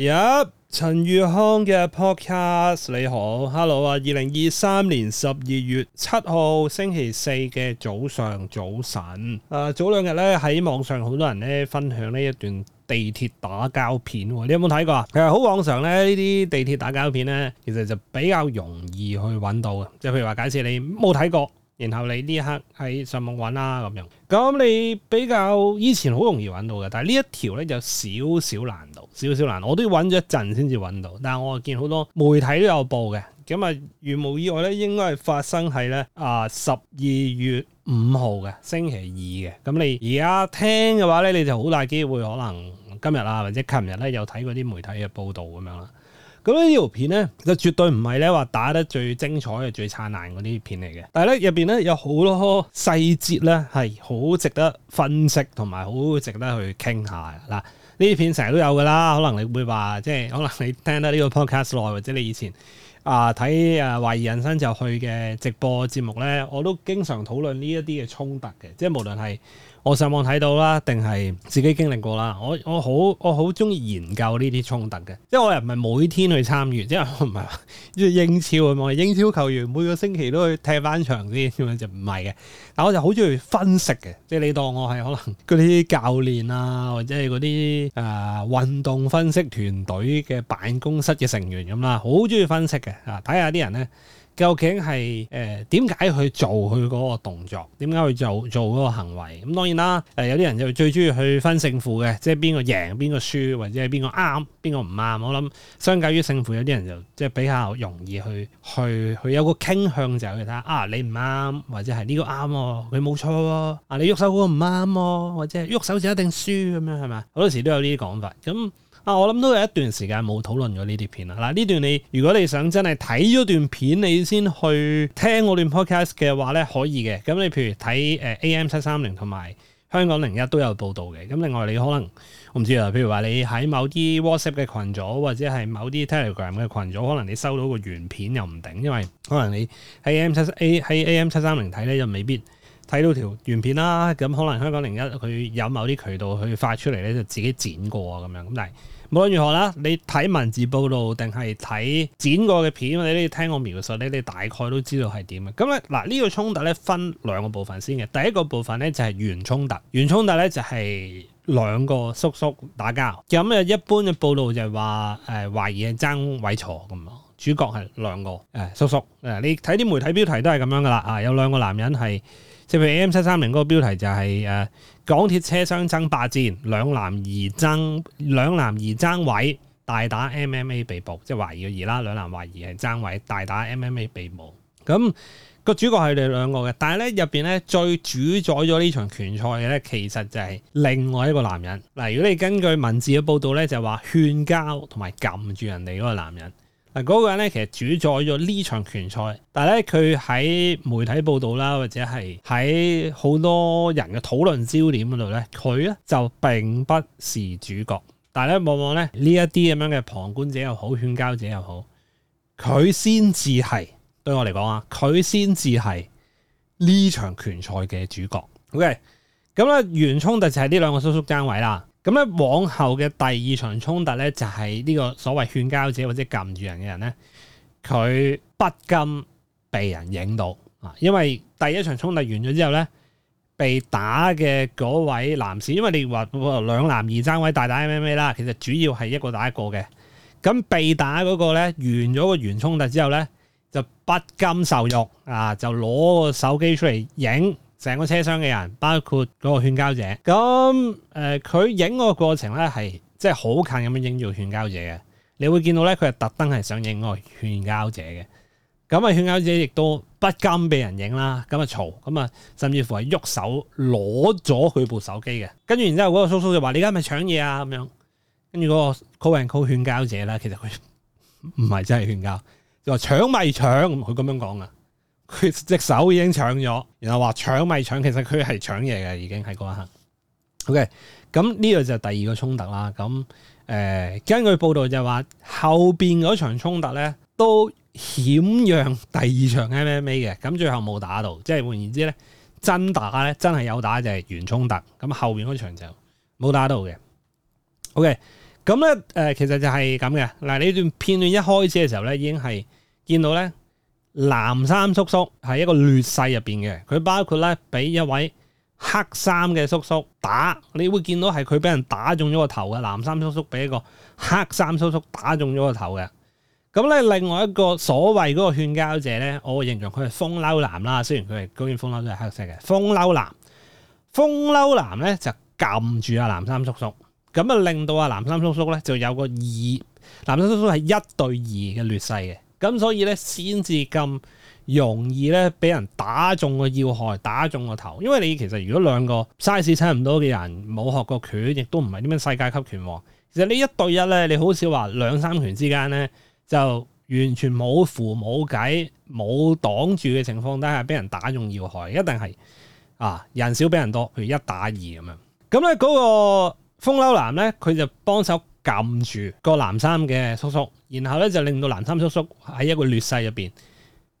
入陳宇康嘅 podcast，你好，hello 啊！二零二三年十二月七號星期四嘅早上早晨，誒、呃，早兩日咧喺網上好多人咧分享呢一段地鐵打交片，你有冇睇過啊？其實好往常咧呢啲地鐵打交片咧，其實就比較容易去揾到嘅，即係譬如話假設你冇睇過，然後你呢一刻喺上網揾啦咁樣，咁你比較以前好容易揾到嘅，但係呢一條咧就有少少難。少少難，我都要揾咗一陣先至揾到，但係我又見好多媒體都有報嘅，咁啊，如無意外咧，應該係發生喺咧啊十二月五號嘅星期二嘅，咁你而家聽嘅話咧，你就好大機會可能今日啊或者琴日咧有睇過啲媒體嘅報道咁樣啦。咁呢條片咧就絕對唔係咧話打得最精彩、最燦爛嗰啲片嚟嘅，但係咧入邊咧有好多細節咧係好值得分析同埋好值得去傾下嗱。呢啲片成日都有噶啦，可能你會話，即係可能你聽得呢個 podcast 耐，或者你以前啊睇啊《懷疑人生》就去嘅直播節目呢，我都經常討論呢一啲嘅衝突嘅，即係無論係。我上網睇到啦，定係自己經歷過啦。我我好我好中意研究呢啲衝突嘅，即係我又唔係每天去參與，即係唔係英超咁樣，英超球員每個星期都去踢翻場先就唔係嘅。但我就好中意分析嘅，即係你當我係可能嗰啲教練啊，或者係嗰啲誒運動分析團隊嘅辦公室嘅成員咁啦，好中意分析嘅啊，睇下啲人咧。究竟係誒點解去做佢嗰個動作？點解去做做嗰個行為？咁當然啦、啊，誒、呃、有啲人就最中意去分勝負嘅，即係邊個贏、邊個輸，或者係邊個啱、邊個唔啱。我諗相較於勝負，有啲人就即係比較容易去去去，去有個傾向就係去睇下啊，你唔啱，或者係呢個啱喎、啊，佢冇錯喎、啊，你啊你喐手嗰個唔啱喎，或者係喐手就一定輸咁樣係咪？好多時都有呢啲講法咁。嗯。啊，我諗都有一段時間冇討論咗呢啲片啦。嗱，呢段你如果你想真係睇咗段片，你先去聽我段 podcast 嘅話咧，可以嘅。咁你譬如睇誒 AM 七三零同埋香港零一都有報道嘅。咁另外你可能我唔知啊，譬如話你喺某啲 WhatsApp 嘅群組或者係某啲 Telegram 嘅群組，可能你收到個原片又唔定，因為可能你喺 AM 七 A 喺 AM 七三零睇咧又未必睇到條原片啦。咁可能香港零一佢有某啲渠道去發出嚟咧，就自己剪過啊咁樣。咁但係。無論如何啦，你睇文字報道定係睇剪過嘅片，你都要聽我描述咧，你大概都知道係點嘅。咁咧嗱，這個、衝呢個衝突咧分兩個部分先嘅。第一個部分咧就係、是、原衝突，原衝突咧就係、是、兩個叔叔打交。咁啊，一般嘅報道就係話誒懷疑係爭位坐咁，主角係兩個誒叔叔。誒、呃，你睇啲媒體標題都係咁樣噶啦啊，有兩個男人係。即係譬如 AM 七三零嗰個標題就係、是、誒、呃、港鐵車廂爭霸戰，兩男疑爭兩男疑爭位，大打 MMA 被捕，即係懷疑嘅疑啦，兩男懷疑係爭位大打 MMA 被捕。咁、嗯，那個主角係你兩個嘅，但係咧入邊咧最主宰咗呢場拳賽嘅咧，其實就係另外一個男人嗱、呃。如果你根據文字嘅報道咧，就係、是、話勸交同埋撳住人哋嗰個男人。嗰個人咧，其實主宰咗呢場拳賽，但係咧佢喺媒體報導啦，或者係喺好多人嘅討論焦點嗰度咧，佢咧就並不是主角。但係咧，往往咧呢一啲咁樣嘅旁觀者又好，勸交者又好，佢先至係對我嚟講啊，佢先至係呢場拳賽嘅主角。OK，咁咧原衝就係呢兩個叔叔爭位啦。咁咧，往後嘅第二場衝突咧，就係呢個所謂勸交者或者撳住人嘅人咧，佢不甘被人影到啊！因為第一場衝突完咗之後咧，被打嘅嗰位男士，因為你話兩男二爭位大打 MMA 啦，其實主要係一個打一個嘅。咁被打嗰、嗰個咧，完咗個原衝突之後咧，就不甘受辱啊，就攞個手機出嚟影。成個車廂嘅人，包括嗰個勸交者，咁誒佢影個過程咧係即係好近咁樣影住勸交者嘅，你會見到咧佢係特登係想影嗰個勸交者嘅，咁啊勸交者亦都不甘俾人影啦，咁啊嘈，咁、嗯、啊、嗯嗯、甚至乎係喐手攞咗佢部手機嘅，跟住然之後嗰個叔叔就話：你而家係咪搶嘢啊咁樣，跟住嗰個 call and call 勸交者咧，其實佢唔係真係勸交，就話搶咪搶，佢咁樣講啊。佢隻手已經搶咗，然後話搶咪搶，其實佢係搶嘢嘅，已經係嗰一刻。OK，咁呢度就第二個衝突啦。咁誒、呃、根據報道就話後邊嗰場衝突咧都險讓第二場 MMA 嘅，咁最後冇打到。即係換言之咧，真打咧真係有打就係、是、原衝突，咁後邊嗰場就冇打到嘅。OK，咁咧誒其實就係咁嘅。嗱，呢段片段一開始嘅時候咧已經係見到咧。藍衫叔叔係一個劣勢入邊嘅，佢包括咧俾一位黑衫嘅叔叔打，你會見到係佢俾人打中咗個頭嘅。藍衫叔叔俾一個黑衫叔叔打中咗個頭嘅。咁、嗯、咧，另外一個所謂嗰個勸交者咧，我形容佢係風褸男啦，雖然佢係嗰件風褸都係黑色嘅風褸男。風褸男咧就撳住阿藍衫叔叔，咁啊令到阿藍衫叔叔咧就有個二，藍衫叔叔係一對二嘅劣勢嘅。咁所以咧，先至咁容易咧，俾人打中個要害，打中個頭。因為你其實如果兩個 size 差唔多嘅人，冇學過拳，亦都唔係點樣世界級拳王，其實呢一對一咧，你好少話兩三拳之間咧，就完全冇符冇解冇擋住嘅情況底下，俾人打中要害，一定係啊人少俾人多，譬如一打二咁樣。咁咧嗰個風褸男咧，佢就幫手。撳住個男衫嘅叔叔，然後咧就令到男衫叔叔喺一個劣勢入邊，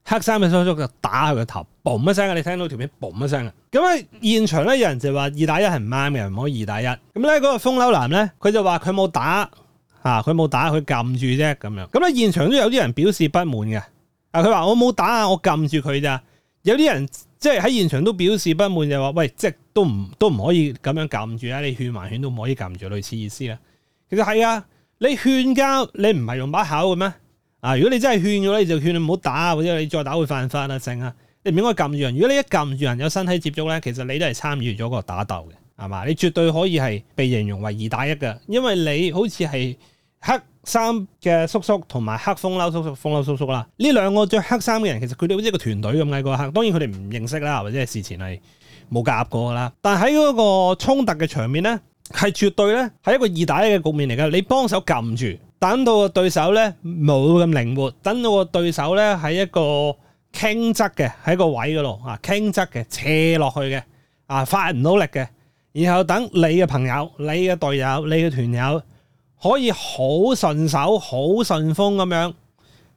黑衫嘅叔叔就打佢個頭，嘣一聲嘅，你聽到條片，嘣一聲嘅。咁啊，現場咧有人就話二打一係唔啱嘅，唔可以二打一。咁咧嗰個風流男咧，佢就話佢冇打啊，佢冇打，佢撳住啫咁樣。咁咧現場都有啲人表示不滿嘅。啊，佢話我冇打啊，我撳住佢咋。有啲人即係喺現場都表示不滿，就話喂，即係都唔都唔可以咁樣撳住啊！你勸還勸都唔可以撳住，類似意思啊。其實係啊，你勸交你唔係用把口嘅咩？啊，如果你真係勸咗咧，你就勸佢唔好打，或者你再打會犯法啊，成啊，你唔應該撳住人。如果你一撳住人有身體接觸咧，其實你都係參與咗個打鬥嘅，係嘛？你絕對可以係被形容為二打一㗎，因為你好似係黑衫嘅叔叔同埋黑風褸叔叔、風褸叔叔啦。呢兩個着黑衫嘅人，其實佢哋好似一個團隊咁嗌過黑。當然佢哋唔認識啦，或者係事前係冇夾過噶啦。但係喺嗰個衝突嘅場面咧。係絕對呢，係一個二打一嘅局面嚟噶。你幫手撳住，等到個對手呢冇咁靈活，等到個對手呢喺一個傾側嘅，喺個位嗰度啊，傾側嘅斜落去嘅啊，發唔到力嘅。然後等你嘅朋友、你嘅隊友、你嘅團友可以好順手、好順風咁樣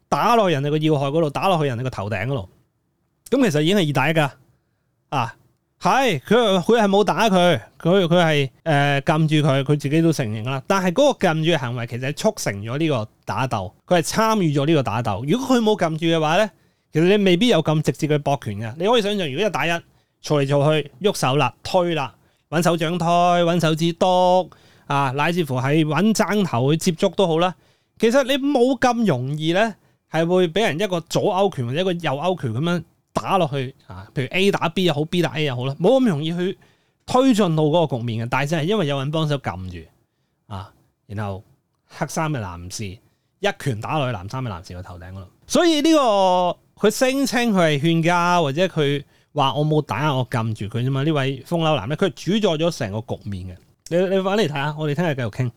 打落人哋個要害嗰度，打落去人哋個頭頂嗰度。咁、啊、其實已經係二打一噶啊！係，佢佢係冇打佢，佢佢係誒撳住佢，佢自己都承認啦。但係嗰個撳住嘅行為其實係促成咗呢個打鬥，佢係參與咗呢個打鬥。如果佢冇撳住嘅話咧，其實你未必有咁直接嘅搏拳嘅。你可以想象，如果一打一嘈嚟嘈去喐手啦，推啦，揾手掌推，揾手指篤啊，乃至乎係揾踭頭去接觸都好啦。其實你冇咁容易咧，係會俾人一個左勾拳或者一個右勾拳咁樣。打落去啊，譬如 A 打 B 又好，B 打 A 又好啦，冇咁容易去推進到嗰個局面嘅。但係真係因為有人幫手撳住啊，然後黑衫嘅男士一拳打落去藍衫嘅男士個頭頂嗰度，所以呢個佢聲稱佢係勸架，或者佢話我冇打，我撳住佢啫嘛。呢位風流男咧，佢主宰咗成個局面嘅。你你返嚟睇下，我哋聽日繼續傾。